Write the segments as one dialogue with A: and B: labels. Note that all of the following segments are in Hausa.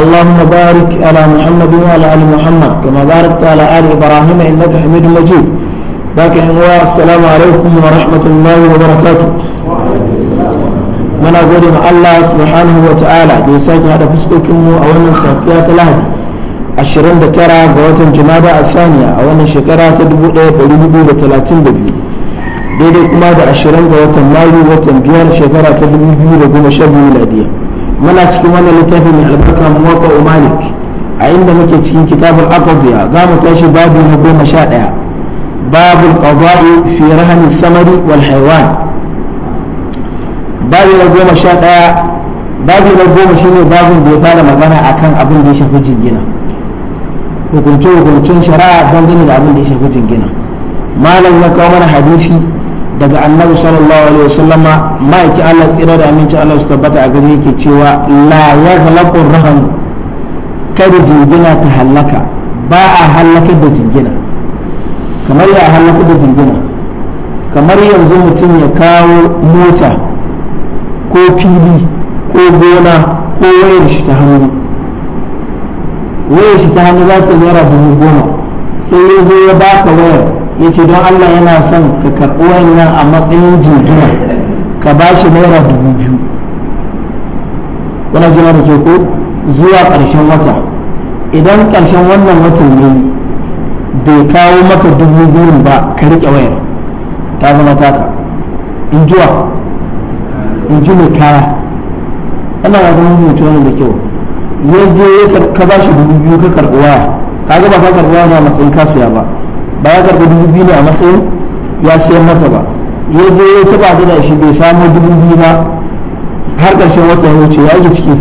A: اللهم بارك على محمد وعلى ال محمد كما باركت على ال ابراهيم انك حميد مجيد باقي السلام عليكم ورحمه الله وبركاته muna gode ma Allah subhanahu wa ta'ala da ya sake hada fuskokinmu a wannan safiya ta lahadi 29 ga watan jumada a saniya a wannan shekara ta 1432 daidai kuma da 20 ga watan mayu watan biyar shekara ta 2012 miladiya muna cikin wannan littafi mai albarka muwatta malik a inda muke cikin kitabul aqdiya za mu tashi babu na goma sha ɗaya babu qada'i fi rahanin samari wal haywan babu na goma sha ɗaya babu na goma shine babun da ya fara magana kan abin da ya shafi jingina hukunce hukuncin shari'a gani da abin da ya shafi jingina malam ya kawo mana hadisi daga annabi sallallahu alaihi wasallam yake Allah tsira da aminci Allah su tabbata a gare yake cewa la yahlaqu raham kada jingina ta halaka ba a halaka da jingina kamar ya halaka da jingina kamar yanzu mutum ya kawo mota ko fili ko gona ko wayar shi ta hannu wayar shi ta hannu za ta naira dubu goma sai ya zo ya baka wayar ya ce don Allah yana son ka karɓi wannan a matsayin jingina ka ba shi naira dubu biyu wani jina da ko zuwa ƙarshen wata idan ƙarshen wannan watan ne bai kawo maka dubu biyu ba ka riƙe wayar ta zama taka in jiwa in ji mai kaya ana ga gudun mutu wani da kyau ya je ka ba shi dubu biyu ka karɓi waya ka ga ba ka karɓi waya na matsayin kasuwa ba ba ya karɓi dubu biyu ne a matsayin ya sayan maka ba ya je ya taɓa da shi bai samu dubu biyu ba har ƙarshen wata ya wuce ya yi ciki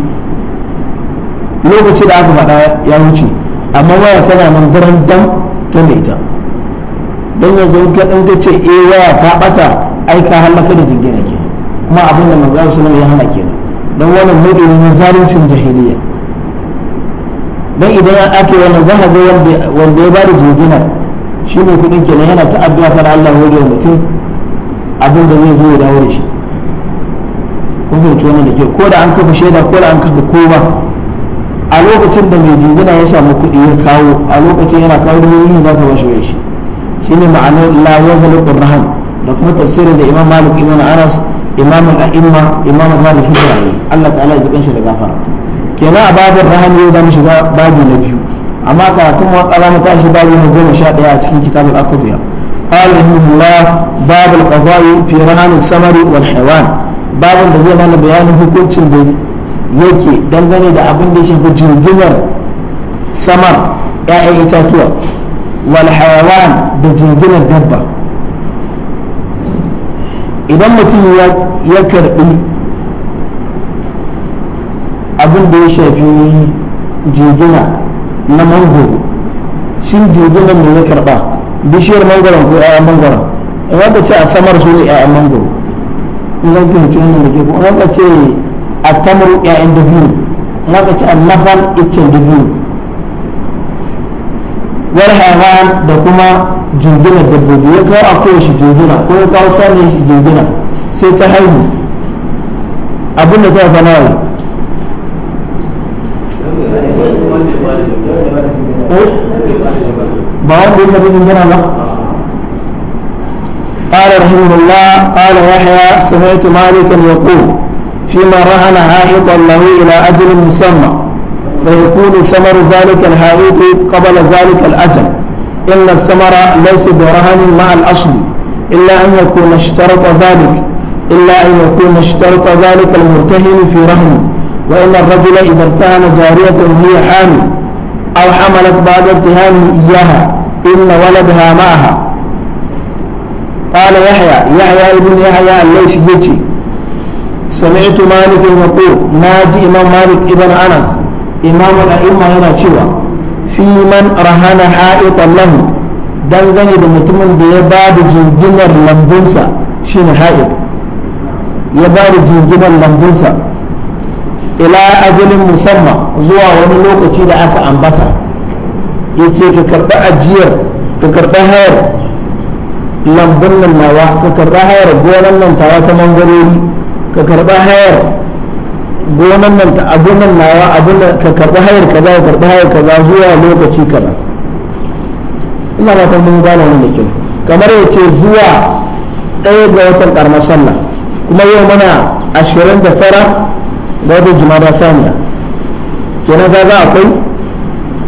A: lokaci da aka faɗa ya wuce amma waya tana nan daren dam ta mai ta don yanzu in ka ce e waya ta ɓata aika ka halaka da jingina ke kuma abin da manzo su ya hana ke don wannan mutum na zaluncin jahiliya don idan ake wannan za ga wanda ya bada jinginar shi mai kudin kenan yana ta addu'a fara Allah hore wa mutum abin da zai zo ya dawo da shi kun fahimci wannan da ke ko da an kafa shaida ko da an kafa kowa a lokacin da mai jingina ya samu kuɗi ya kawo a lokacin yana kawo da wani za ka bashi shi shi ne ma'anar la yazalu qur'an da kuma tafsirin da imam malik imam aras imam al imam malik hijra Allah ta'ala ya jikan shi da gafara kenan a babin rahan yau da mu shiga babu na biyu amma kuma waƙala mu tashi babu na goma sha ɗaya a cikin kitabul aqdiya قال رحمه الله باب القضاء في samari الثمر haiwan babu da zai mana bayanin hukuncin da yake dangane da abin da shi shafi jirginar samar ‘ya'yan itatuwa wal haiwan da jirginar dabba idan mutum ya karɓi abin da ya shafi jirgina na mangoro jirgin nan mai ya karba bishiyar mangoron ko 'ya'yan mangoron in aka ce a samar su ne 'ya'yan mangoro in an fahimci wannan da ke kuma in aka ce a tamar 'ya'yan dabino in aka ce a nafan iccen dabino wani hawan da kuma jingina dabbobi ya kawo akwai shi jirgin ko ya kawo sani shi jingina sai ta haihu abin da ta fa nawa بواب النبي من قال رحمه الله قال يحيى سمعت مالكا يقول فيما رهن هاحطا له إلى أجل مسمى فيكون ثمر ذلك الهائط قبل ذلك الأجل إن الثمر ليس برهن مع الأصل إلا أن يكون اشترط ذلك إلا أن يكون اشترط ذلك المرتهن في رهنه وإن الرجل إذا ارتهن جارية هي حامل أو حملت بعد اتهامه إياها إن ولدها معها قال يحيى يحيى ابن يحيى الليث يجي سمعت مالك يقول ناجي إمام مالك ابن أنس إمام الأئمة هنا شوى في من رهن حائطا له dangane da mutumin da ya ba da jinginar lambunsa shine haid ya ba da jinginar lambunsa ila ajalin musamman zuwa wani lokaci da aka ambata ya ce ka karɓi ajiyar ka karɓi hayar lambun nan nawa ka karɓi hayar gonan nan tawa ta mangarori ka karɓi hayar gonan nan ta abun nan nawa abun ka karɓi hayar kaza ka karɓi hayar kaza zuwa lokaci kaza ina ta mun gane wani da kamar ya ce zuwa ɗaya ga watan ƙarmar sallah kuma yau mana ashirin da tara babu jumada saniya kenan ga za akwai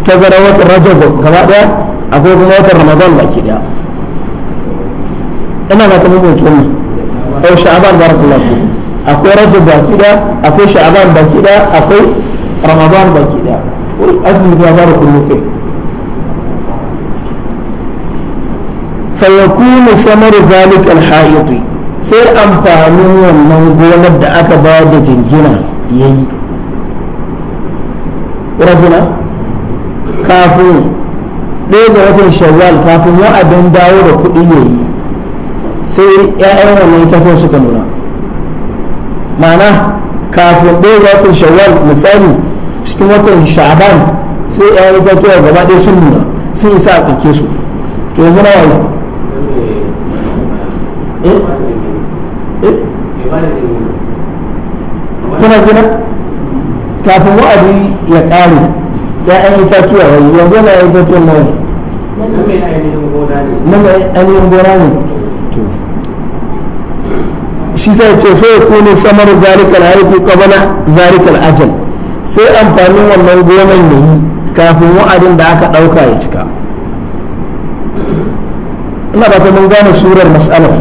A: tazara watan rajab gaba daya akwai kuma watan ramadan baki daya ina ba ta mutunci wannan au sha'aban barakallahu fi akwai rajab baki daya akwai sha'aban baki daya akwai ramadan baki daya azumi ya bara kullu kai فيكون ثمر ذلك الحائط sai amfanin wannan gonar da aka ba da jingina yayi rafuna kafin ɗaya ga watan shawwal kafin wa'adin dawo da kuɗi ya yi sai 'ya'yan wannan itatuwan suka nuna mana kafin ɗaya ga watan shawwal misali cikin watan sha'aban sai 'ya'yan itatuwa gaba ɗaya sun nuna sun isa a tsake su to yanzu na yau kuma kafin wa'adi ya ƙare ya'yan itatuwa wai yanzu na ya'yan itatuwa nawa na mai ainihin gona ne shi sai ce fa ya kone samar zalikal haiti qabala zalikal ajal sai amfanin wannan gonan ne kafin wa'adin da aka ɗauka ya cika ina ba ta mun gane surar mas'alar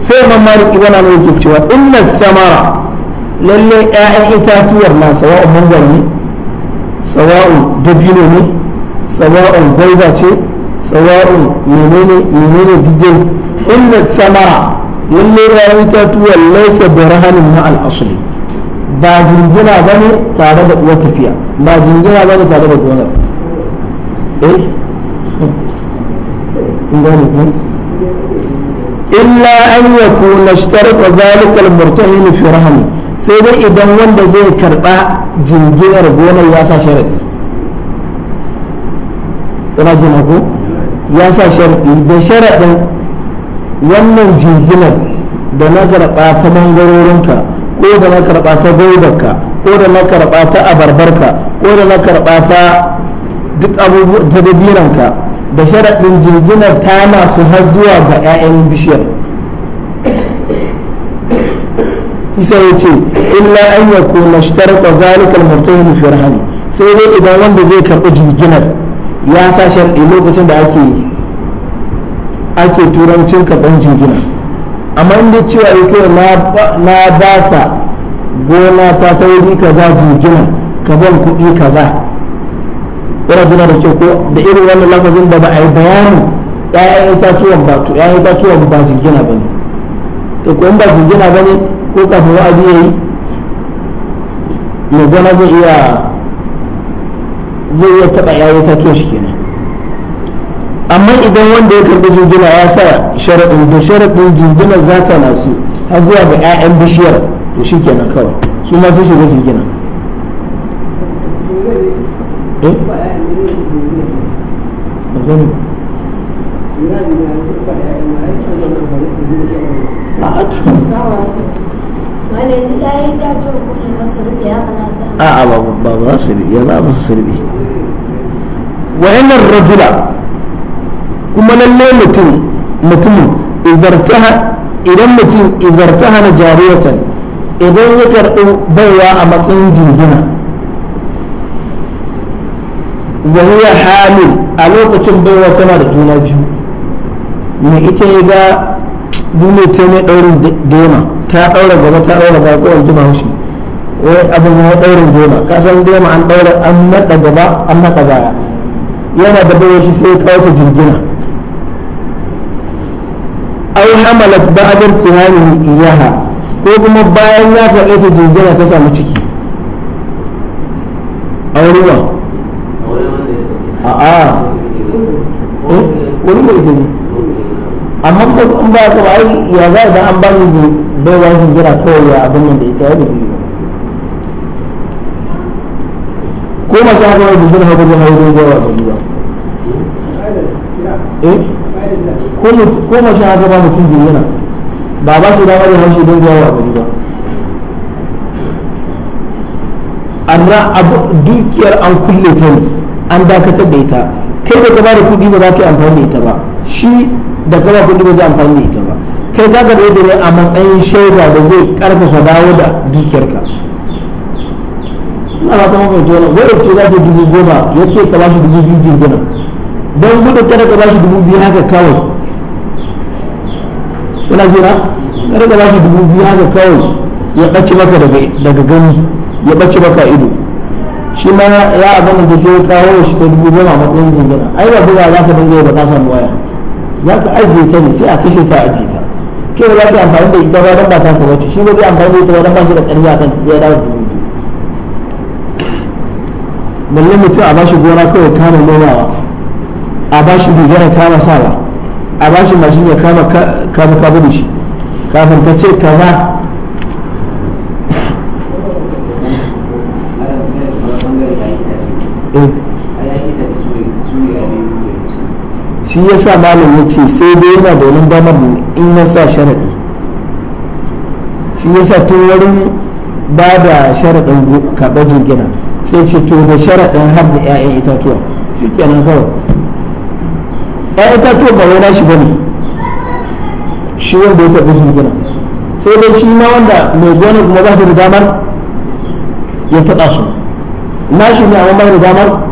A: sai man malik ibn anan yake cewa inna samara lalle ƴaƴan itatuwar na sawa'un mangwaro ne sawa'un dabino ne sawa'un gwaiba ce sawa'un menene menene dubbe inda samara lalle ƴaƴan itatuwar laisa bi rahanin ma'al asli ba jingina ba ne tare da uwar tafiya ba jingina ba ne tare da gonar eh illa anyaku yakuna ishtaraka zalika al-murtahin fi sai dai idan wanda zai karba jinginar gonar ya sa sharadi ya sa sharadi da sharadin wannan jinginar da na karba ta mangarorinka ko da na karba ta gobarka ko da na karba ta abarbarka ko da na karba ta duk abubuwa ta dabiranka da sharaɗin jirginar ta masu har zuwa ga 'ya'yan bishiyar isa ya ce illa an ya kuna shtarta zalikal murtahin fi rahmi sai dai idan wanda zai karɓi jirginar ya sa sharɗi lokacin da ake ake turancin karɓar jirginar amma inda cewa ya kai na ba ta gona ta ta wuri kaza jirginar ka ban kuɗi kaza yana jina da ce ko da irin wannan lafazin da ba a yi bayani ya'yan itatuwan ba to ya'yan itatuwan ba jingina ba ne to ko in ba jingina ba ne ko kafin wa'adi ya yi mai gona zai iya zai iya taɓa ya'yan itatuwan shi kenan amma idan wanda ya karɓi jingina ya sa sharaɗin da sharaɗin jingina za ta nasu har zuwa ga 'ya'yan bishiyar to shi kenan kawai su ma sun shiga jingina eh a'a ba ba su ya za musu sirbi wa'annan rajula kuma lalle mutum mutumin idan mutum idartaha na jariyatan idan ya karɓi baiwa a matsayin jingina wa hiya hamil a lokacin baiwa tana da juna biyu mai ita ya ga dule ta ne daurin dema ta daura gaba ta daura baya ko ji haushi wai abin ya daurin dema ka san dema an daura an nada gaba an nada baya yana da baiwa shi sai ya kawo ta jirgina ai hamalat ba'da imtihanihi iyaha ko kuma bayan ya karɓe ta jirgina ta samu ciki aurewa Ah. Eh, wani mai jini amma ba in ba ka ai ya za a an ba ni bai wani hijira kawai ya abin nan da ita ya da biyu ko masu haka wani dubin hagu da hagu da yawa da biyu ko masu haka ba mutum jirgina ba ba su dama da haushi don yawa da biyu amma dukiyar an kulle ta ne an dakatar da ita kai da ka ba da kudi ba za ka yi amfani da ita ba shi da ka ba kuɗi ba zai amfani da ita ba kai ka karɓe ta ne a matsayin shaida da zai karfafa dawo da dukiyarka ina ba ta mafi wani wadda ce za ta dubu goma ya ce ka ba shi dubu biyu jirgina don gudun kada ka ba shi dubu biyu haka kawai ina jira kada ka ba shi dubu biyu haka kawai ya ɓace maka daga gani ya ɓace maka ido shi ma ya abin da sai kawo shi ta dubu goma matsayin jingina ai ba buga za ka dinga ba ka samu waya za ka ajiye ta ne sai a kashe ta ajiye ta ke ba za ka amfani da ita ba don ba ta kuma wace shi ba zai amfani da ita ba don ba shi da ƙarfi a kan ta sai ya dawo da dubu balle mutum a bashi gona kawai kama nomawa a bashi bigara kama sawa a bashi mashin ya kama kama da shi kafin ka ce kaza Eh. shi ya sa malam ya ce sai dai yana da wani damar in ya sa sharaɗi shi ya sa tun wurin ba da sharaɗin karɓar jingina sai ce to da sharaɗin har da 'ya'yan itatuwa shi kenan kawai 'ya'yan itatuwa ba wani nashi bane shi wanda ya karɓi jingina sai dai shi ma wanda mai gona kuma ba su da damar ya taɓa su nashi ne amma bai da damar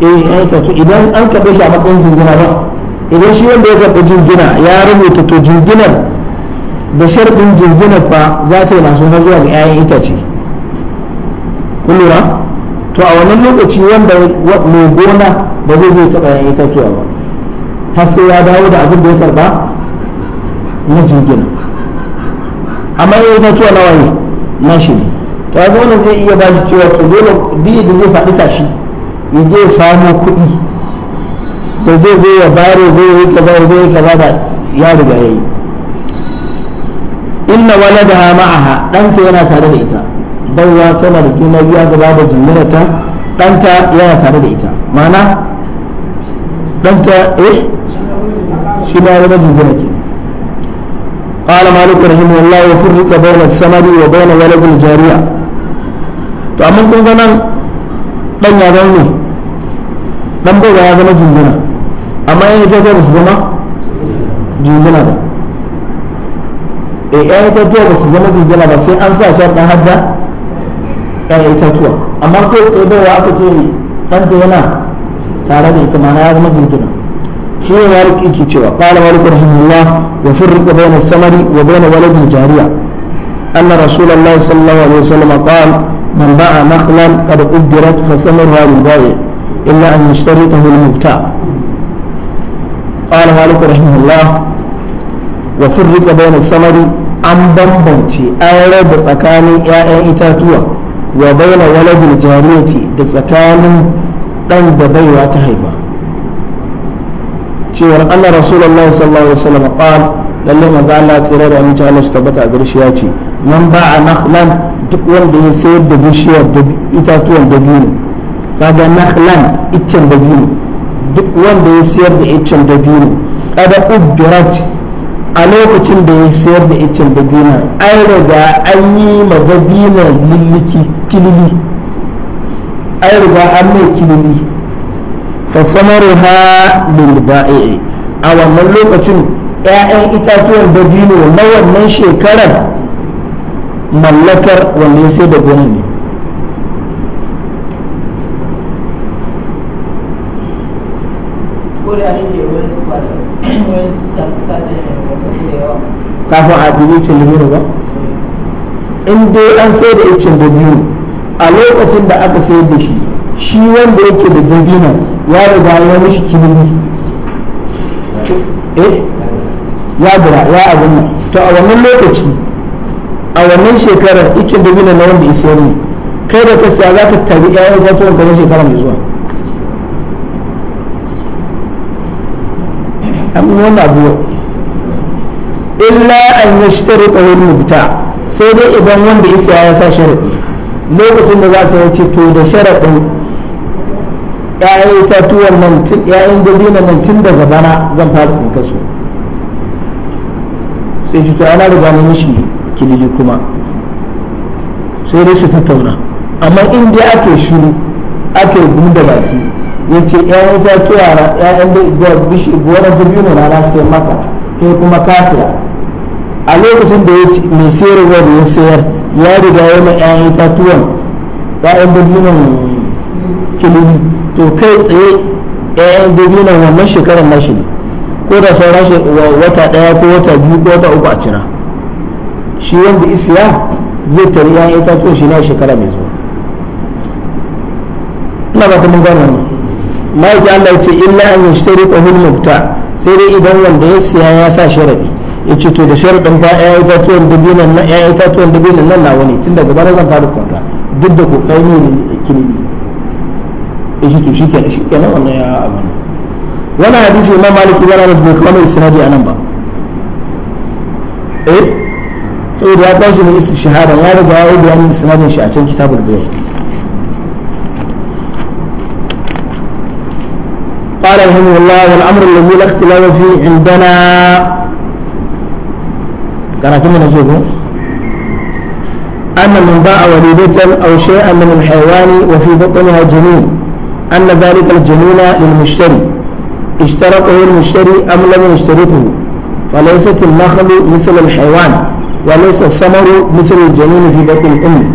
A: eh ya yi idan an kabe shi a matsayin jingina ba idan shi wanda ya karɓi jingina ya rubuta to jinginar da sharɗin jinginar ba za ta yi nasu har zuwa ga 'ya'yan itace kun lura to a wannan lokaci wanda mai gona ba zai zai taɓa 'ya'yan itatuwa ba har sai ya dawo da abin da ya karɓa na jingina amma 'ya'yan itatuwa nawa ne na shi ne to ga wannan zai iya ba shi cewa to dole biyu da zai faɗi tashi ya je ya samo kuɗi da zai zo ya bare zai yi kaza zai yi kaza da ya riga ya yayi inna waladaha ma'aha ɗanta yana tare da ita baiwa tana da juna biya gaba da jimmirata ɗanta yana tare da ita ma'ana ɗanta eh shi ma wani jimbira ke قال مالك رحمه الله وفرق بين الثمر وبين ولد الجاريه to amma kun ga nan dan ya zaune dan bai ya zama jingina amma yan ta ba su zama jingina ba e yan ba su zama jingina ba sai an sa sharɗa hadda yan itatuwa amma ko tsebewa aka ce yana tare da ita mana ya zama jingina shi ne malik yake cewa qala malik rahimahullah wa firqa bayna samari wa bayna walad jariya anna rasulullahi sallallahu alaihi من باع نخلا قد أجرت فثمرها للبائع إلا أن يشترطه المبتاع قال مالك رحمه الله وفرق بين الثمر an bambance an da tsakanin 'ya'yan itatuwa wa baina waladin da tsakanin ɗan da baiwa ta haifa cewar allah rasulullahi sallallahu alaihi wasallam qal lalle manzo Allah tsira da amince Allah su tabbata a garshi ya ce man ba'a nakhlan duk wanda ya sayar da bishiyar itatuwan dabino kaga nakhlan iccen dabino duk wanda ya sayar da iccen dabino kada ubbirat a lokacin da ya sayar da iccen dabino an riga an yi ma dabino lulluki kilili an riga an mai kilili fa ha lil ba'i a wannan lokacin 'ya'yan itatuwan dabino na wannan shekarar mallakar wanda ya sai da gonan ne kafin a dubi cin ba in dai an sai da cin da biyu a lokacin da aka sai da shi shi wanda yake da dabino ya riga ya mishi kilimi eh ya gura ya abin to a wannan lokaci a wannan shekarar ikin dabino na wanda ya sayar ne kai da ka siya za ka tabi ƴaƴan itatuwan kamar shekara mai zuwa amma wannan abu illa an yi shitare wani mubta sai dai idan wanda ya ya sa sharaɗi lokacin da za su yi ce to da sharaɗin ƴaƴan itatuwan nan ƴaƴan dabino nan tun daga bana zan fara tsinkar sai ci to ana riga na mishi kilili kuma sai dai su tattauna amma in dai ake shuru ake gunda baki ya ce ‘yan itatuwa ‘ya'yan da gonar dubi na rana sai maka kai kuma kasiya a lokacin da ya mai sayarwa da ya sayar ya riga yana ‘ya'yan itatuwan ‘ya'yan dabinon Kilili? to kai tsaye ‘ya'yan dabinon wannan shekarar mashi ne ko da sauran wata ɗaya ko wata biyu ko wata uku a cira shi wanda isiya zai tari ya yi tato shi na shekara mai zuwa ina ba ta mun gano ne ma'aiki Allah ya ce illa an yashtari tahul mubta sai dai idan wanda ya siya ya sa sharadi ya ce to da sharadin ta ya yi tatuwan dabinan nan ya yi tatuwan dabinan nan nawa ne tun daga bara zan fara tsanka duk da kokai ne ne kini ya ce to shi kenan shi kenan wannan ya abu ne wannan hadisi imam malik ibn anas bai kawo mai sanadi anan ba eh سيد يا tashi من اسم الشهادة يا riga ya yi bayanin sanadin انشاء a كتاب البيع قال رحمه الله والامر الذي لا اختلاف فيه عندنا قرات من نجيب ان من باع وليدة او شيئا من الحيوان وفي بطنها جنين ان ذلك الجنين للمشتري اشترطه المشتري ام لم يشترطه فليست النخل مثل الحيوان وليس الثمر مثل الجنين في بطن الأم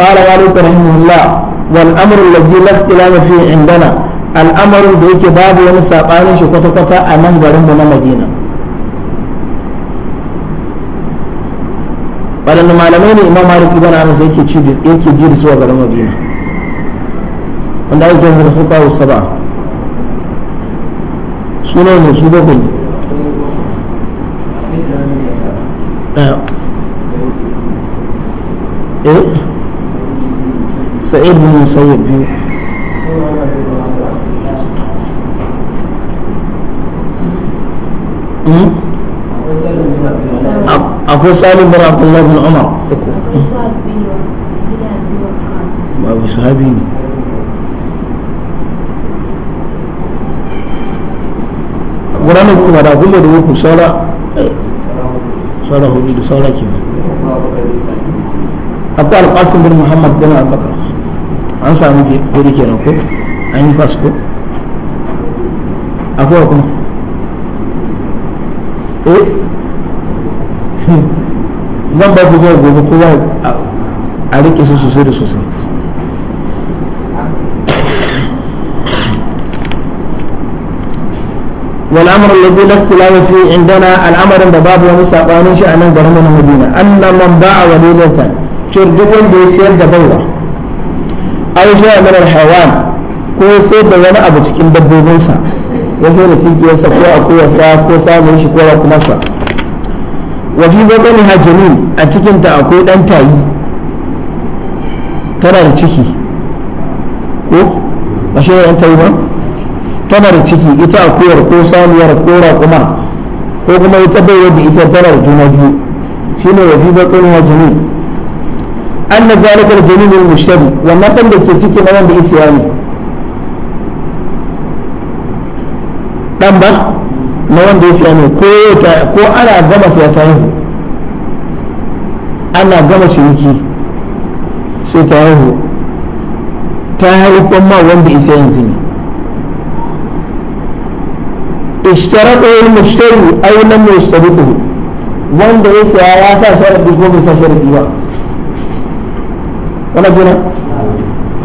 A: قال والد رحمه الله والأمر الذي لا اختلاف فيه عندنا الأمر بيك باب ونسابان شكوتا كوتا أمان غرم مدينة waɗanda malamai ne imam malik ibn anas yake ji da su a garin madina wanda ake kira da fuka saba su ne eh sa'id bin musayyib biyu hmm? akwai salim bin abdullahi bin umar uku hmm. sahabi ne gudanar kuma da da saura sauran hudu da sauran ke akwai muhammad bin an samu ko an fas akwai kuma eh zan ba ku zuwa gobe kowa a rike su sosai da sosai والامر الذي لا اختلاف فيه عندنا الامر ان باب a سابان شان غرم المدينه ان من باع وليده شردين بيسير دبوره او شاء من الحيوان ko sai da wani abu cikin dabbobinsa ya sai da cikinsa ko a ko ko samun shi kowa kuma sa wa fi bakani ha a cikin ta akwai dan tayi tana ciki ko tayi ba tanar ciki ita akuyar ko saniyar ko raƙumar ko kuma ita baiwa da ita tana da juna biyu shine wa fi batun wa jini an na zalikar jini ne mushtari wannan ɗan da ke ciki na wanda ya ne ɗan ba na wanda isiya ne ko ana gama sai ta yi ana gama ciniki sai ta yi ta haifan ma wanda isa yanzu ne ishtaraɗa yin mushtari ai lam yashtaratu wanda ya saya ya sa sharadi ko bai sa sharadi ba kana jira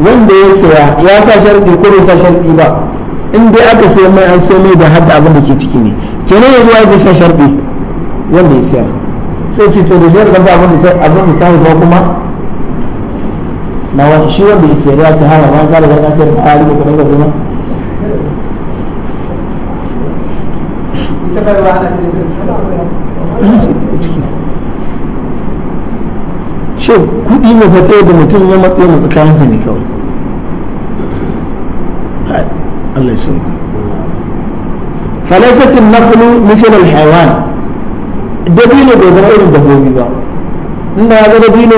A: wanda ya saya ya sa sharadi ko bai sa sharadi ba in dai aka sai mai an sai mai da hadda abin da ke ciki ne kenan ya ruwa ya sa sharadi wanda ya sayar sai ce to da sayar da abin da abin da ta ba kuma na wani shi wanda ya sayar ya ta hana ma ka riga ka sayar da hali da kuma shi kuɗi ne da mutum ya matse matsa kayansa ne kawai Allah dabino bai zama irin dabbobi ba inda ya ga dabino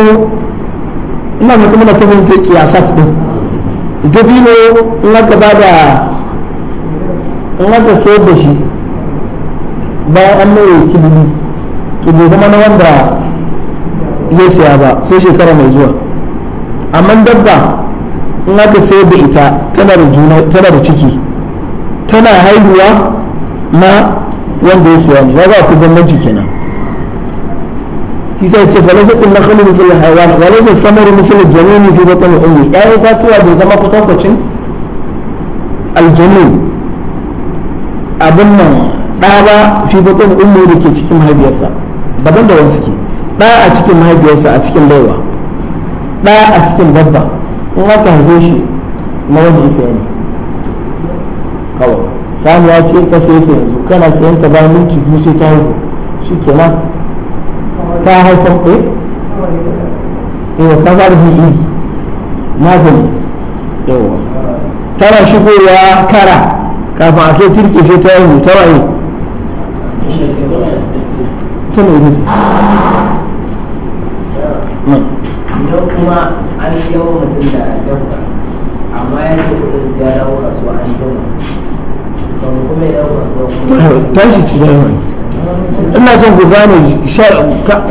A: ina ga kuma ta mun ce kiyasat dabino in aka bada in aka sayar da shi bayan an yake kilibi to bai zama na wanda ya siya ba sai shekara mai zuwa amma dabba in aka sayar da ita tana da juna tana da ciki tana haihuwa na wanda ya siya ba za ku bambanci na kisa ce falasat na khalu misal hayawan walaysa samaru misal jami'in mafi batni umu ya ta tuwa bai zama kwatankwacin aljanin abin nan ɗa ba fi batun ummu da ke cikin mahaifiyarsa daban da wani suke ɗa a cikin mahaifiyarsa a cikin baiwa ɗa a cikin dabba in aka haife shi na wani isa ne kawai sani ya ce ka sai ta yanzu kana sayan ta ba mun biyu sai ta haifu shi nan ta haifar eh yawa ka fara jin iri magani yawa tana shigowa kara kafin a kai turke sai ta yi ta waye tana yi
B: idan kuma an yawan mutum da dabba amma ya ce kudin su ya dawo kasuwa an jima kan kuma ya dawo
A: kasuwa shi ci dai ina son ku gane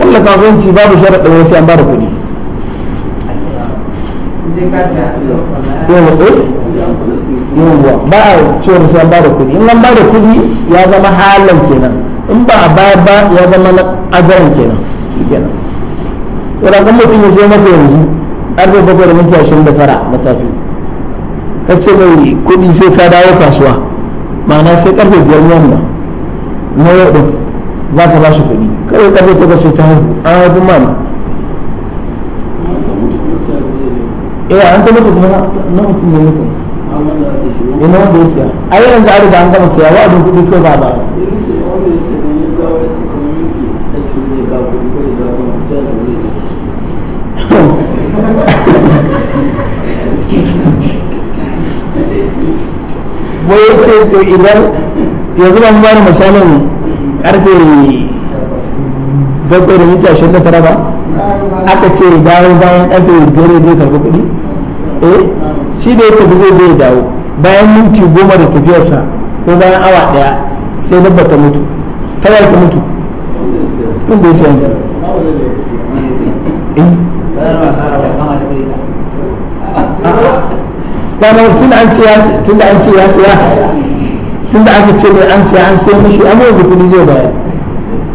A: kulla kasuwanci babu sharaɗin wasu an ba da kuɗi yawon eh? ba a cewar sai an ba da kuɗi in an ba da kuɗi ya zama halan kenan in ba a ba ya zama na ajiyar kenan shi wadda kan mutum ya sai maka yanzu arba bakwai da minti ashirin da tara na safi ka ce mai kudi sai ka dawo kasuwa ma'ana sai karfe biyar yamma na yau da za ka ba shi kuɗi kawai karfe ta sai ta haihu an haifi yi eh an ta mutu kuma na mutum ne mutum ina wanda ya siya a yanzu an riga an gama siya wa'adin kudi ko ba ba
B: always you community actually they
A: wai ya ce to idan yanzu ba misalin karfe bakwai da mita eh, shi da ya tafi zai dawo bayan minti goma da tafiyarsa ko bayan awa ɗaya sai dabba ta mutu ta ta mutu inda ya sayi eh? dama tun an ce ya tun da an ce ya siya tun da aka ce mai an siya an sai mishi amma yanzu kudi zai bayar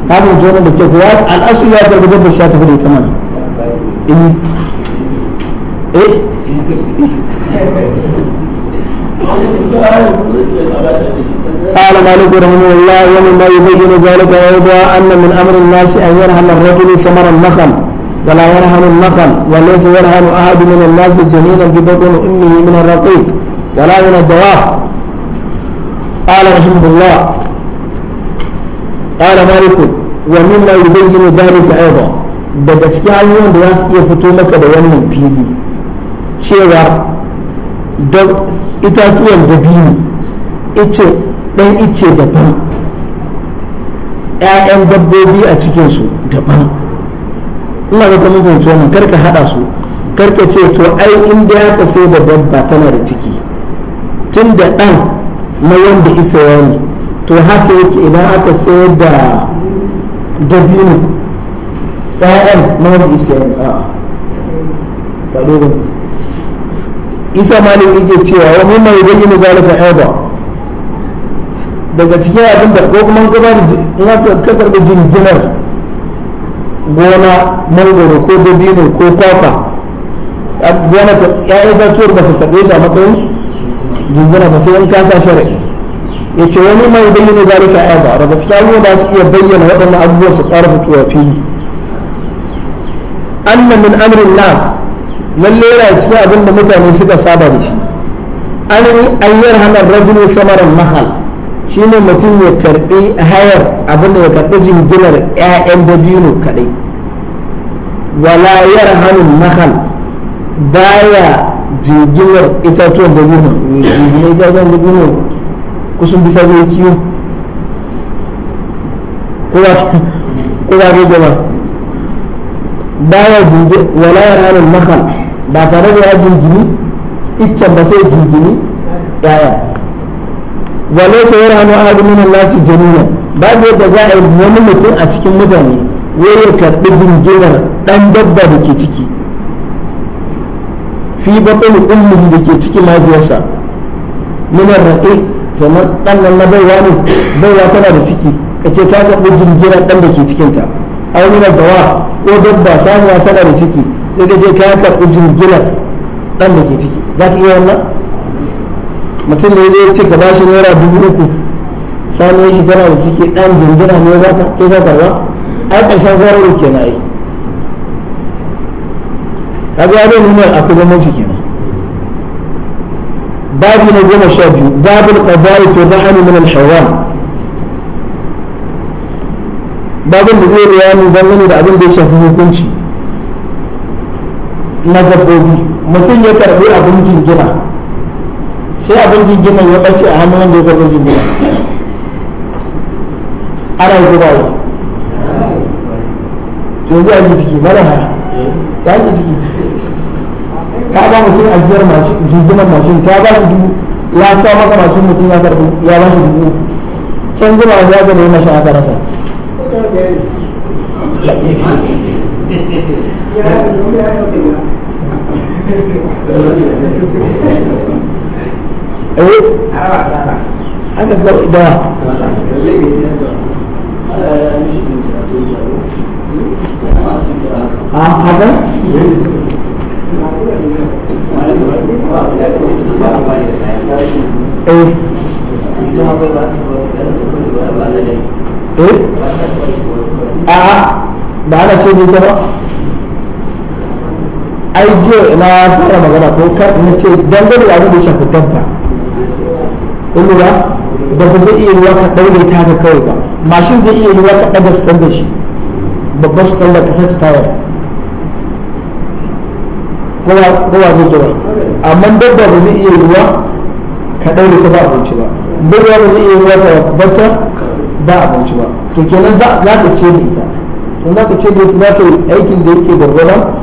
A: kamun jona da ke kuwa al'asu ya karbi dabba sha tafi da ita mana eh, eh? قال مالك رحمه الله ومما يبين ذلك ايضا ان من امر الناس ان يرهن الرجل ثمر النخل ولا يرهن النخل وليس يرهن احد من الناس جنينا ببطن امه من الرقيق ولا من الدواب قال رحمه الله قال مالك ومما يبين ذلك ايضا daga cikin hanyoyin da za su iya fito maka da wannan fili cewa da itatuwan dabini ice ɗan ice daban ‘ya'yan dabbobi a cikinsu daban ina ga kuma fahimci wannan karka haɗa su karka ce to ai in da ya sai da dabba tana da ciki tun da ɗan na wanda isa ya ne to haka yake idan aka sayar da dabini ‘ya'yan na wanda isa ya ne a ba isa malik yake cewa wa mimma yubayyinu zalika aidan daga cikin abin da ko kuma ka bani in aka ka karbi jinginar gona mangoro ko dabino ko kwakwa gona ka yayi zatuwar ba ka karbe sa matsayin jingina ba sai in ka sa shari'i ya ce wani mai bayyana zalika aidan daga cikin abubuwa da su iya bayyana waɗannan abubuwa su ƙara fitowa fili anna min amrin nas lalle yana cikin abin da mutane suka saba da shi an yi ayyar hana rajin samarar mahal shi ne mutum ya karbi hayar abin da ya karbi jingilar 'ya'yan da biyu ne kadai wala hannun mahal baya jinginar itatuwan dabino jinginar itatuwan dabino kusan bisa zai kiwo ko ba ko ba baya jinginar walayar hannun mahal ba tare da ya jingini iccen ba sai jingini yaya wale sai ya rano ahadu minan nasi ba babu yadda za a yi wani mutum a cikin mutane wai ya karɓi jinginar ɗan dabba da ke ciki fi batani ummihi da ke ciki mahaifiyarsa minan raƙi sama ɗan nan na baiwa ne baiwa tana da ciki ka ce ka karɓi jinginar ɗan da ke cikinta au minan dawa ko dabba samuwa tana da ciki sai ka je ka karɓi jirginar ɗan da ke ciki za ka iya wannan mutum da ya ce ka ba shi naira dubu uku sami ya shekara da ciki ɗan jirgina ne za ka ke ka karɓa a ƙarshen zarar ke na yi ka ga yadda nuna a kudin mun ciki na babu na goma sha biyu babu ƙadari fi hannu min al-haram babin da zai bayani dangane da abin da ya shafi hukunci na dabbobi mutum ya karbi abin jingina sai abin jingina ya ɓace a hannun wanda ya karbi jingina ana yi guba yi to yanzu an ciki jiki mara ha ya yi jiki ka ba mutum ajiyar jinginan mashin ka ba shi dubu ya ta maka mashin mutum ya karbi ya ba shi dubu can zuba ya gaba yi mashin aka rasa
B: Yeah, eh haka
A: ce ba ai jiya na fara magana ko kar na ce dangane da abin da ya shafi dabba in lura da ba zai iya ruwa ka ɗaure ta ka kawai ba mashin zai iya ruwa ka ɗaga su da shi babbar su da kasar su tayar kowa zai zuwa amma dabba ba zai iya ruwa ka ɗaure ta ba abinci ba dabba ba zai iya ruwa ka bata ba abinci ba to kenan za ka ce da ita to za ka ce da ita za ka yi aikin da yake gwargwadon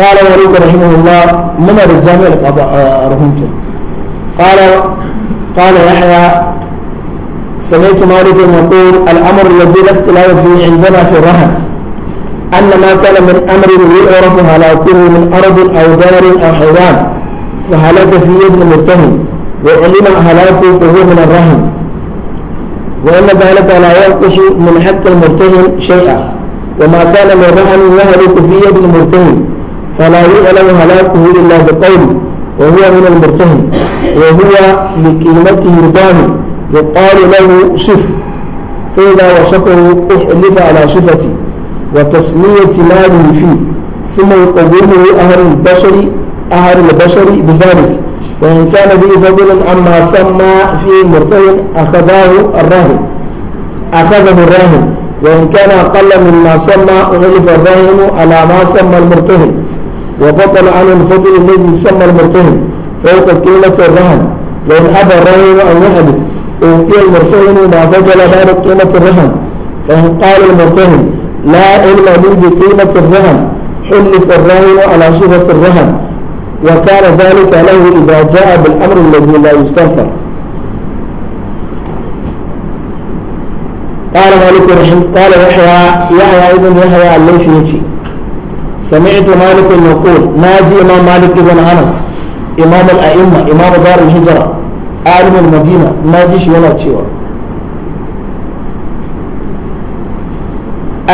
A: قال وليك رحمه الله من الجامع القضاء آه، رحمته قال قال يحيى سمعت مالك يقول الامر الذي لا اختلاف فيه عندنا في الرهن ان ما كان من امر يعرف هلاكه من ارض او دار او حيوان فهلك في يد المتهم وعلم هلاكه فهو من الرهن وان ذلك لا ينقص من حق المتهم شيئا وما كان من رهن يهلك في يد المتهم فلا يعلم هلاكه إلا بقول وهو من المرتهن وهو لقيمته ضامن يقال له شف فإذا وصفه أحلف على شفتي وتسمية ماله فيه ثم يقومه أهل البشر أهل البشر بذلك وإن كان به فضل عما سمى فيه المرتهن أخذه الراهن أخذه الراهن وإن كان أقل مما سمى أغلف الراهن على ما سمى المرتهن وبطل عن الفضل الذي يسمى المرتهن فوق قيمة الرهن لأن أبى الرهن أن يحدث أوتي المرتهن ما فجل بعد قيمة الرهن فإن قال المرتهن لا علم لي بقيمة الرهن حلف الرهن على صفة الرهن وكان ذلك له إذا جاء بالأمر الذي لا يستنكر قال مالك رحمه قال يحيى يحيى ابن يحيى يجي سمعت مالك يقول ناجي امام مالك بن انس امام الائمه امام دار الهجره عالم المدينه ناجي شي ولا تشيوا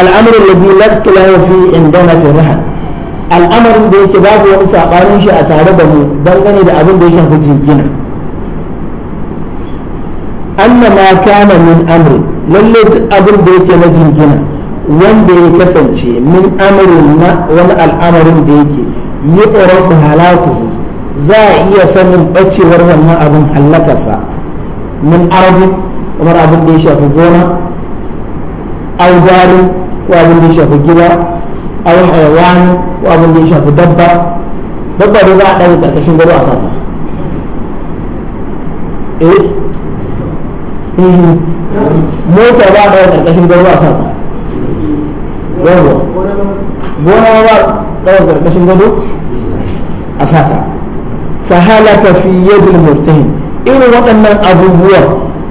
A: الامر الذي لا اختلاف فيه عندنا في الرحل الامر الذي كباب ونسى قانون شيء اتعرض به دنگني ده ابن بيشن جنا ان ما كان من امر للد ابن بيشن جنا wanda ya kasance min amarin na wani al'amarin da yake yi ƙorafu halaku za a iya sanin ɓacewar wannan abin hallakasa min arabu kamar abin da ya shafi gona au ko abin da ya shafi gida au haiwani ko abin da ya shafi dabba dabba da za a ɗaga ƙarƙashin gado a sata eh mhm. mota za a ɗaga ƙarƙashin gado a sata yawon gona ba ɗaukar ƙarƙashin gado a sata fahalaka fi yadda murtahin irin waɗannan abubuwan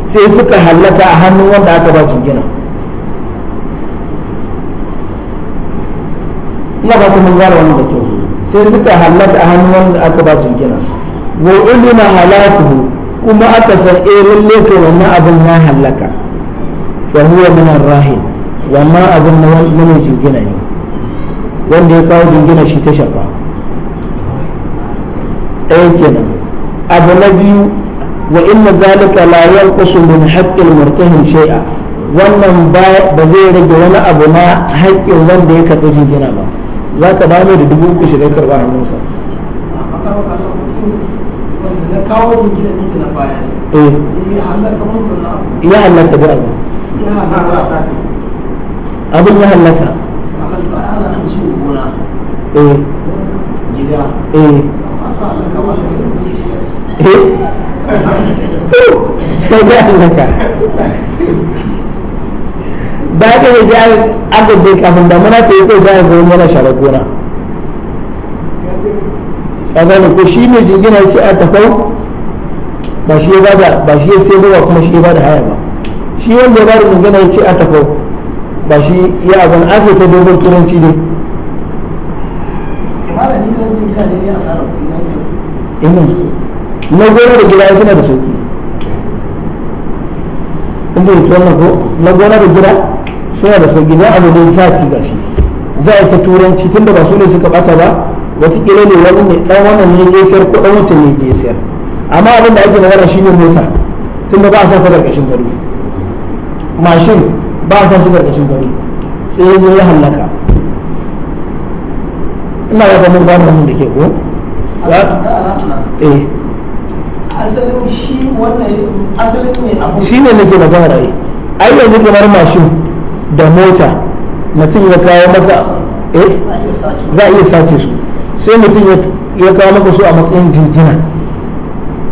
A: sai suka hallaka a hannun wanda aka ba jingina ina ba ta mun gane wannan da kyau sai suka hallaka a hannun wanda aka ba jingina wa ulima halakuhu kuma aka san eh lalle kai wannan abin ya hallaka fa huwa min ar-rahim wannan abin na wani jingina ne wanda ya kawo jingina shi ta shafa ɗaya kenan abu na biyu wa inna zalika la yanqusu min haqqil murtahin shay'a wannan ba zai rage wani abu na haƙƙin wanda ya karɓi jingina ba za ka dame da dubu uku shirin karɓa hannunsa
B: eh. ya
A: hallaka da abu Eh. Eh. Eh. abin ya hallaka ba ka yi jihar agaje kafin damuna ta yi ko za a goyi yana shara gona kazani ko shi mai jirgin ce a tafau ba shi ya bada ba shi ya sai ba kuma shi ya bada haya ba shi wanda ya bada jirgin ya ce a tafau ba shi ya abin ake ta dogon turanci ne eh, eh, na gona da gida suna da sauki inda yake wannan ko na gona da gida suna da sauki na abu da ta ci gashi za a ta turanci tunda ba su ne suka bata ba watakila ne wani ne dan wannan ne je sayar ko dan wancan ne je sayar amma abin da ake magana shine mota tunda ba a sa ta karkashin gari mashin ba ta su karkashin gari sai ya zo ya hallaka ina ga kamar ba mu da ke ko eh
B: asalin shi wannan asalin ne abu shi ne
A: nake magana ai yanzu kamar mashin da mota mutum ya kawo masa eh za a iya sace su sai mutum ya kawo maka su a matsayin jirgina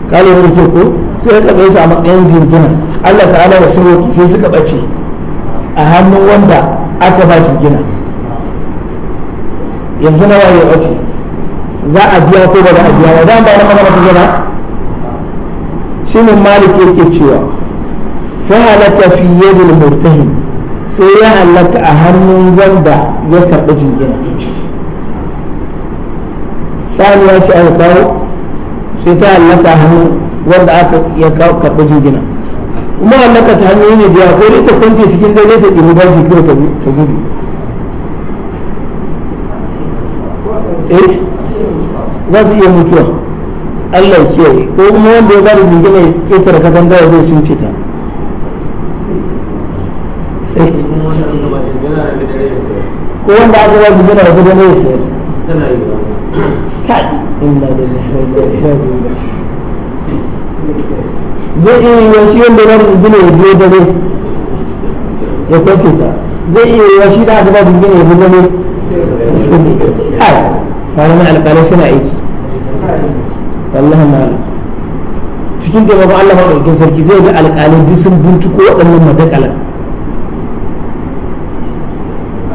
A: ka lura ke ko sai ya kaɓe su a matsayin jirgina Allah ta'ala ya sai suka ɓace a hannun wanda aka ba jingina yanzu na waye wace za a biya ko ba za a biya ba dan ba na magana ta gaba shine malik yake cewa fa halaka fi yadil murtahin sai ya halaka a hannun wanda ya karɓi jingina sani ya ce aka kawo sai ta halaka a hannun wanda aka ya karɓi jingina kuma allaka ta hanyoyi ne biya ko ita ta kwance cikin dare ta ɗin ba shi ta gudu eh za ta iya mutuwa Allah ya kiyaye ko kuma wanda ya bada dingina ya ketare katanga ya zai sun ce ta
B: eh. ko wanda aka ba dingina ya gudu ne ya sayar tana yi ba kai
A: inna lillahi wa inna ilaihi raji'un zai iya yiwuwa shi wanda ba da jingina ya biyo dare ya kwace ta zai iya yiwuwa shi da aka ba jingina ya biyo dare kai tare na alƙalai suna aiki wallahi na? cikin da taimakon Allah maɗaukin sarki zai ga alƙalai duk sun binciko waɗannan madakalan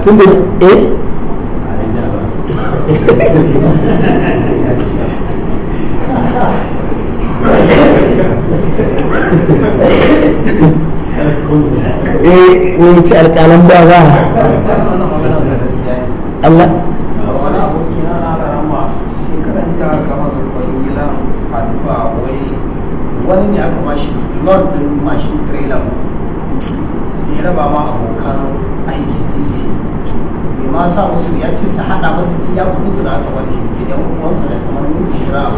A: tun da eh eh wani ci alƙalan ba ba Allah
B: wani ne aka lord din mashin trailer ya raba ma abokan
C: IPCC
B: bai ma sa musu ya ce su hada masu iya kudin su da aka wani idan da kamar mun shira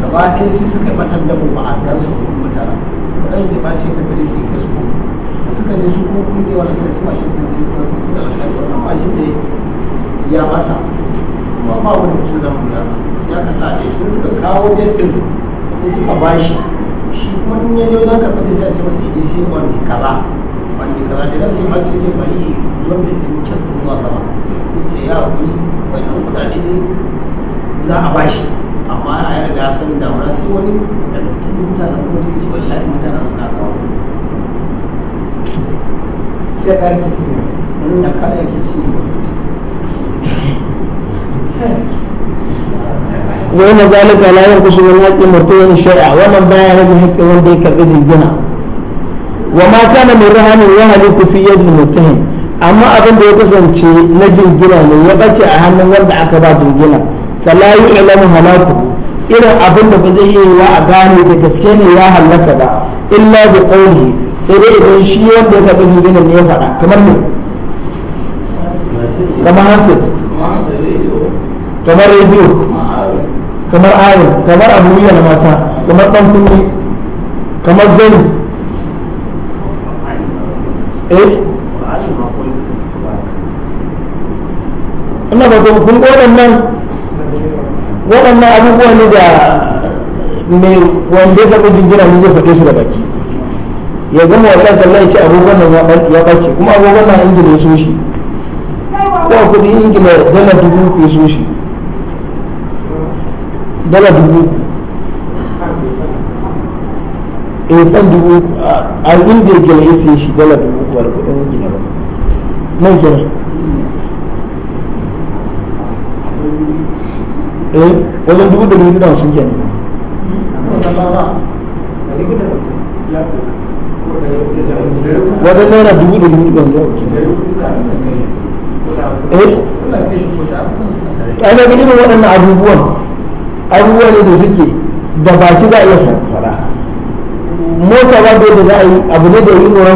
B: gaba ɗaya sai suka batar da mu a dan su kuma tara wadan sai ba shi kadari sai ke su da suka ne su kuma kun yawa suka ci mashin din sai suka ci da alƙalƙi wannan mashin da ya bata kuma ba wani mutum da mu ya ya ka sa su suka kawo da din sai suka bashi shi kuma in ya je wajen karɓar da sai a ce masa ya je sai wanki kaza wanki kaza da nan sai ba ce ce bari don da din kisa zuwa sama sai ce ya wuri wannan kudade ne za a bashi amma ana yi da sun damuna sai wani daga cikin mutanen kuma ta ce wallahi mutanen suna kawo shaɗar kici ne da kaɗa kici
A: ne na zalika la yankusu min haqqi murtayin shari'a wannan baya rage haƙƙin wanda ya karɓi rigina wa ma kana min rahanin ya haliku fi yadda murtahin amma abin da ya kasance na jirgina ne ya ɓace a hannun wanda aka ba jirgina fala yu'lamu halaku irin abin da ba zai iya yiwa a gane da gaske ne ya halaka ba illa bi qawli sai dai idan shi wanda ya taɓa gidan ne ya faɗa kamar ne kamar hasid kamar rediyo kamar ayin kamar abubuwa ya mata kamar dan kunne kamar zani eh ina ba kun waɗannan waɗannan abubuwa ne da mai wanda ya taɓa jingina ne zai faɗe su da baki ya gama wata ta zai ce agogon nan ya ɓace kuma abubuwan nan ingila ya so shi kuma kuɗin ingila dala dubu ku ya so shi dala dubu eh fan dubu a inda ya gina ya sai shi dala dubu ba da kuɗin ingila ba nan kenan eh wajen dubu da dubu da hamsin kenan
B: wajen naira dubu da dubu da hamsin eh ana waɗannan
A: abubuwan abubuwa ne da suke da baki za a iya fara mota ba dole za a yi abu ne da yi fara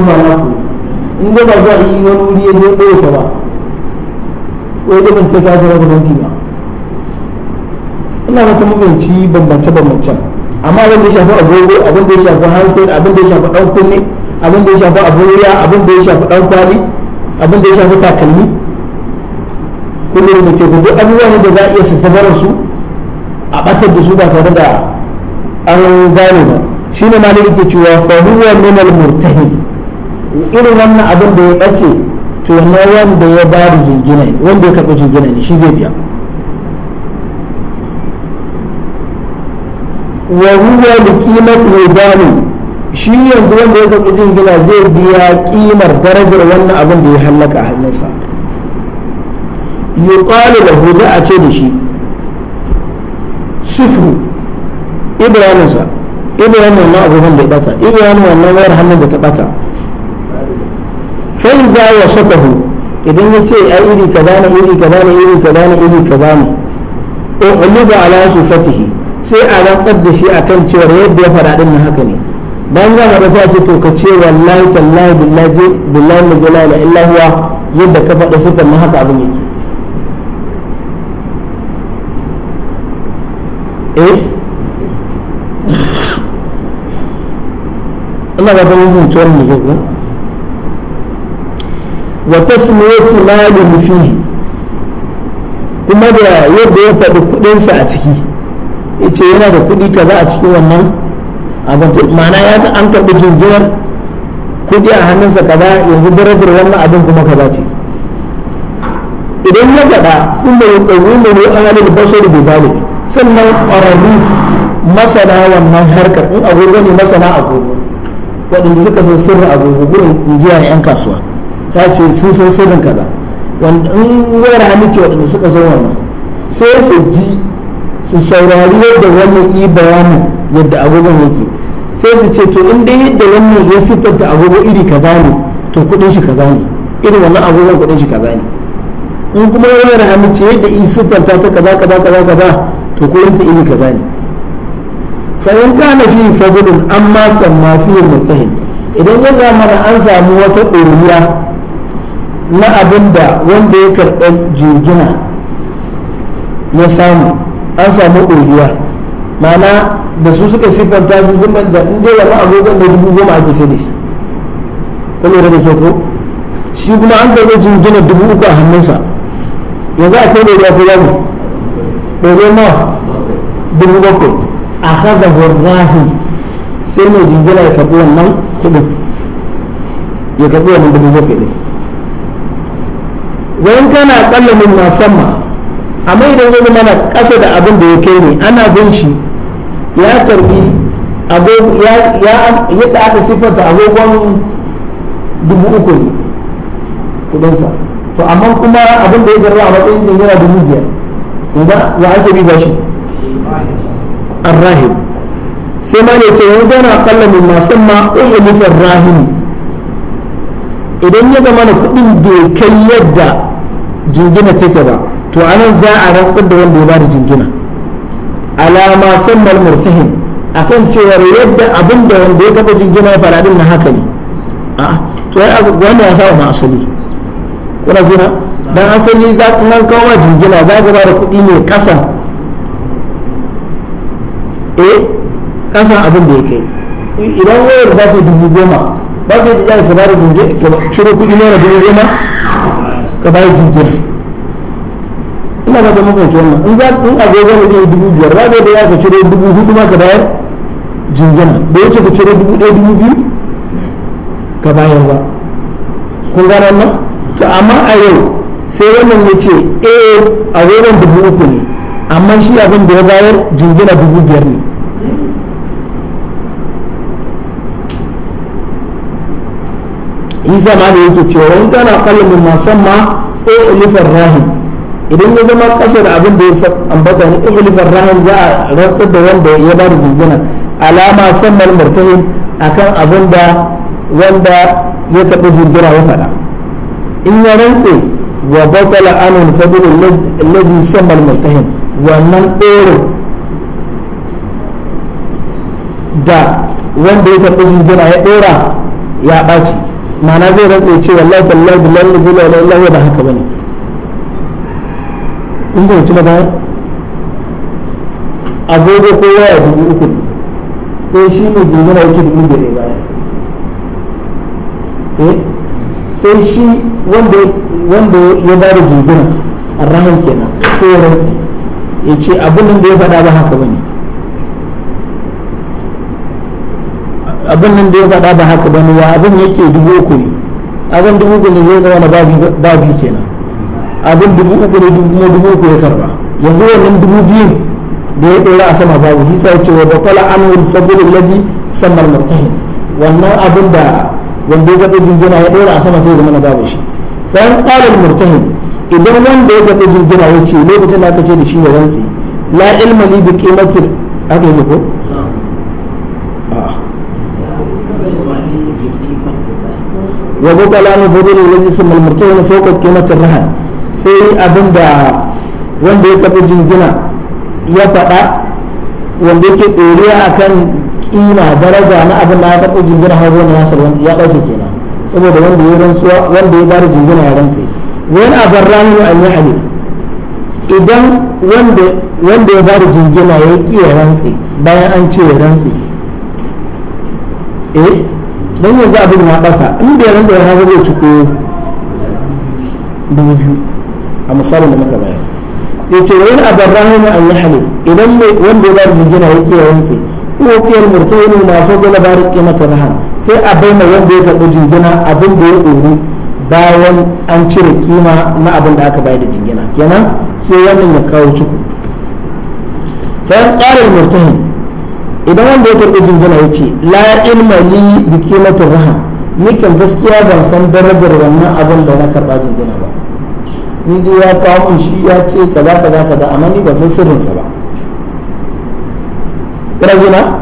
A: ku in ba za a yi wani wuri ya ne ɗaya ta ba ko ta ta ina mata mabanci bambance bambancen amma abin da ya shafi agogo abin da ya shafi handset abin da ya shafi dan kunne abin da ya shafi abin abin da ya shafi dan kwali abin da ya shafi takalmi kullum da ke duk abubuwa ne da za a iya sifarar su a batar da su ba tare da an gane ba shi ne malai yake cewa fahuwa minal murtahi irin wannan abin da ya ɓace to na wanda ya bari da wanda ya karɓi jingina ne shi zai biya wa huwa da qimati dani shi yanzu wanda ya zaɓi jingina zai biya kimar darajar wannan abin da ya hallaka a hannunsa yuqalu da za a ce da shi sifru ibraninsa Ibrahim wannan abubuwan da ya ɓata Ibrahim wannan wayar hannun da ta ɓata fai ya saka sakahu idan ya ce a iri kaza ne iri kaza ne iri kaza ne iri kaza ne in uliba ala sifatihi sai a rantsar da shi akan cewa yadda ya faɗa din haka ne bayan gama da sai ce to ka ce wallahi tallahi billahi billahi la ilaha illa huwa yadda ka faɗa sifar na haka abin yake eh Allah ba ta mun mutu wannan ne ko wa tasmiyatu malin fihi kuma da yadda ya faɗi kuɗinsa a ciki ita yana da kuɗi kaza a cikin wannan abin ma'ana ya ta an karɓi jinginar kuɗi a hannunsa kaza yanzu darajar wannan abin kuma kaza ce idan ya faɗa sun da mai ne an halin bashar da zalik sannan ƙwararru masana wannan harkar in agogo ne masana agogo waɗanda suka san sirrin agogo gurin injiya na 'yan kasuwa ta ce sun san sirrin kaza wanda in wayar hannu ce waɗanda suka san wannan sai su ji su saurari yadda wannan yi bayanin yadda agogon yake sai su ce to in dai yadda wannan ya da agogo iri kaza ne to kudin shi kaza ne irin wannan agogon kudin shi kaza ne in kuma wayar hannu ce yadda in siffar ta kaza kaza kaza kaza to kudin ta iri kaza ne fa in na fi fadlun amma samma fi mutahin idan ya da an samu wata ɗoriya na abin da wanda ya karɓar jirgina na samu an samu ɗoriya mana da su suka siffanta su da in dai yana agogon da dubu goma ake sai da shi kuma da ke ko shi kuma an kai zai dubu uku a hannunsa yanzu a kai ɗoriya ko ɗoriya dubu bakwai a sai mai jingina ya karɓi wannan kuɗin ya karɓi wannan dubu bakwai ɗin kana amma idan wani mana kasa da abin da ya kai ne ana bin shi ya karbi yadda aka siffanta agogon dubu uku ne kudinsa to amma kuma abin da ya karbi a matsayin da yana dubu biyar inda wa ake ba shi arrahim sai ma ne ce wani gana kalla mai masu ma nufin rahim idan ya zama na da ya kai yadda jingina take ba to anan za a rantsar da wanda ya bada jingina alama sammal murtahin akan cewar yadda abin da wanda ya taba jingina ya fara na haka ne a to ya wanda ya saba asali kuna jina dan asali za ka nan kawo jingina za ka bada kuɗi ne kasa eh kasa abin da ya kai idan wayar za ta dubu goma ba ka yi da za ka da jingina ciro kuɗi naira dubu goma ka da jingina ba ta mafanci wannan in za in a zai zai zai dubu biyar ba da ya ka ciro dubu hudu ma ka bayar jinjina da ya ce ka cire dubu ɗaya dubu biyu ka bayar ba kun gane ma to amma a yau sai wannan ya ce eh wurin dubu uku ne amma shi abin da ya bayar jingina dubu biyar ne isa ma da yake cewa in kana kallon musamman ko ulifar rahim idan ya zama kasa da abin da ya ambata ne ihulifar rahin za a rantsar da wanda ya ba da jingina alama mal murtahin akan abin da wanda ya karɓi jingina ya faɗa in ya rantse wa batala anun fadil alladhi mal murtahin wannan ɗoro da wanda ya karɓi jingina ya ɗora ya ɓaci ma'ana zai rantse ce wallahi tallahi billahi la ilaha illallah ba haka bane kun fahimci na bayar agogo ko waya dubu uku ne sai shi mai jingina yake dubu biyar ya bayar eh? sai shi wanda ya ba da jingina a ranar kenan sai ya rantsi ya ce abin da ya faɗa ba haka ne abin nan da ya faɗa ba haka ne ya abin yake dubu uku ne abin dubu uku ne zai zama na babi kenan abin dubu uku ne kuma dubu uku ya karba yanzu wannan dubu biyu da ya ɗora a sama babu shi sai cewa ba kala an wani fadil alladhi samar murtahin wannan abin da wanda ya gaɗe jirgina ya ɗora a sama sai zama na babu shi fa'an ƙalar murtahin idan wanda ya gaɗe jirgina ya ce lokacin da aka ce da shi ya rantsi la ilma li bi qimatir aka yi ko وبطل عن الفضل الذي سمى المرتهن فوق قيمة الرهن sai abin da wanda ya kafa jingina ya faɗa wanda yake ɗoriya a kan ƙima daraja na abin da ya kafa jingina har wani nasar ya ɗauke kenan saboda wanda ya rantsuwa wanda ya bari jingina ya rantse wani abin ranar an yi hali idan wanda ya bari jingina ya ƙi ya rantse bayan an ce ya rantse eh don yanzu abin ya ɓata inda ya rantse ya hazo zai ci biyu a misalin da muka bayar ce wa in abarrahu an yahlif idan mai wanda ya bada jingina yake yayin sai ukiyar murtaini gala fadala barik qimata raha sai a bayyana wanda ya karbi jingina abin da ya ɗoru bayan an cire kima na abin da aka bayar da jingina kenan sai wannan ya kawo ciku ta yan qala murtahin idan wanda ya karbi jingina ce la ilma li bi qimati raha ni kan gaskiya ban san darajar wannan abin da na karba jingina ba ni dai ya kawo min shi ya ce kaza kaza kaza amma ni ba san sirrinsa ba rajula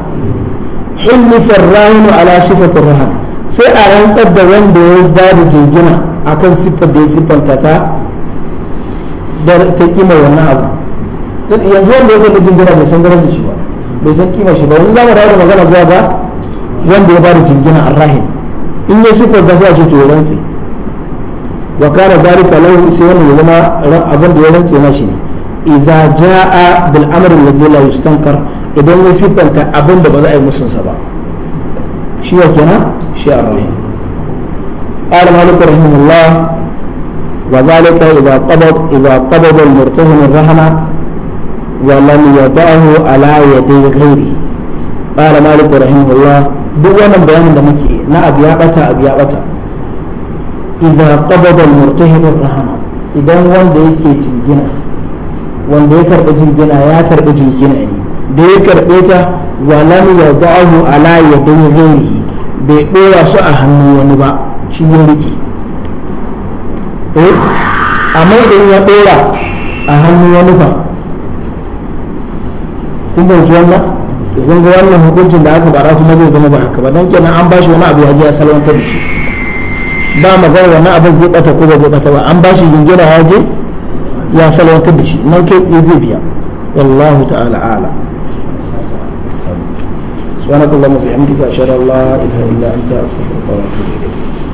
A: hulifar rahinu ala sifatin rahan sai a rantsar da wanda ya ba da jingina akan siffar da ya siffanta ta da ta kima wannan abu yanzu wanda ya da jingina bai san darajar shi ba bai san kima shi ba yanzu za mu dawo da magana zuwa ga wanda ya ba da jingina a rahin in ya siffar ta sai a ce to ya rantsi wa kana zalika lahu sai wannan ya zama abin da ya rantse mashi ne idza jaa bil amr alladhi la yustankar idan ya siffanta abin da ba za a yi musun sa ba shi ya kenan shi ar-rahim قال مالك رحمه الله وذلك إذا قبض إذا قبض المرتهن الرهن ولم يضعه على يدي غيره قال مالك رحمه الله duk wannan bayanin da muke na abu ya bata idan qabada al rahama idan wanda yake jingina wanda ya karɓi jingina ya karɓi jingina ne da ya karɓe ta walam da'ahu ala bai ghairihi bai ɗora su a hannu wani ba shi ya rike eh amma idan ya ɗora a hannu wani ba kun bauci wanda idan ga wannan hukuncin da aka bara kuma zai zama ba haka ba don kenan an ba shi wani abu ya ji ya salwantar da shi ba magana wannan abin zai bata ko ba zai bata ba an ba shi jingira ya je ya salwantar da shi nan kai tsaye zai biya wallahu ta'ala ala سبحانك اللهم وبحمدك اشهد ان لا
C: اله الا انت استغفرك واتوب اليك